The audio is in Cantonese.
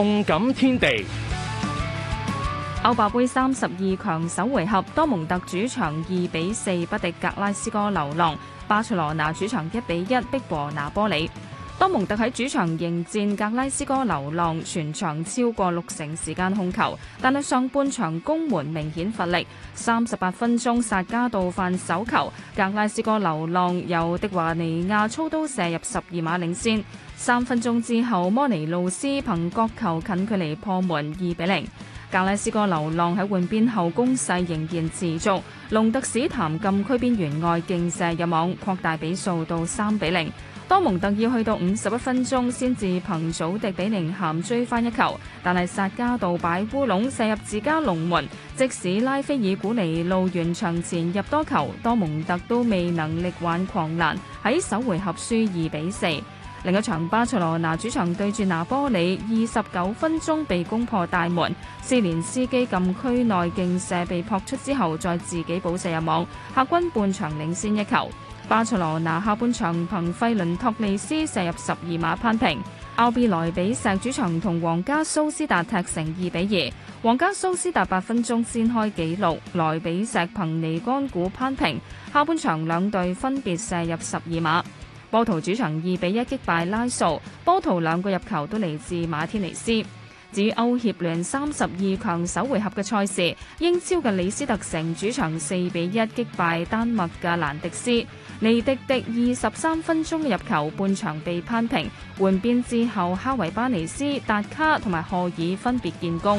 動感天地，歐霸杯三十二強首回合，多蒙特主場二比四不敵格拉斯哥流浪，巴塞羅拿主場一比一迫和拿玻里。多蒙特喺主場迎戰格拉斯哥流浪，全場超過六成時間控球，但係上半場攻門明顯乏力。三十八分鐘，薩加道犯手球，格拉斯哥流浪由迪華尼亞操刀射入十二碼領先。三分鐘之後，摩尼路斯憑角球近距離破門二比零。格拉斯哥流浪喺換邊後攻勢仍然持續，隆德史潭禁區邊緣外勁射入網，擴大比數到三比零。多蒙特要去到五十一分鐘先至憑祖迪比寧咸追翻一球，但係薩加道擺烏龍射入自家龍門。即使拉斐爾古尼路完場前入多球，多蒙特都未能力挽狂瀾，喺首回合輸二比四。另一場巴塞羅拿主場對住拿玻里，二十九分鐘被攻破大門，斯連斯基禁區內勁射被撲出之後，再自己補射入網，客軍半場領先一球。巴塞羅拿下半場憑費倫托利斯射入十二碼攀平，奧比萊比錫主場同皇家蘇斯達踢成二比二。皇家蘇斯達八分鐘先開紀錄，萊比錫憑尼干古攀平。下半場兩隊分別射入十二碼。波圖主場二比一擊敗拉素，波圖兩個入球都嚟自馬天尼斯。至於歐協聯三十二強首回合嘅賽事，英超嘅李斯特城主場四比一擊敗丹麥嘅蘭達斯，尼迪迪二十三分鐘入球，半場被扳平，換邊之後，哈維巴尼斯、達卡同埋賀爾分別建功。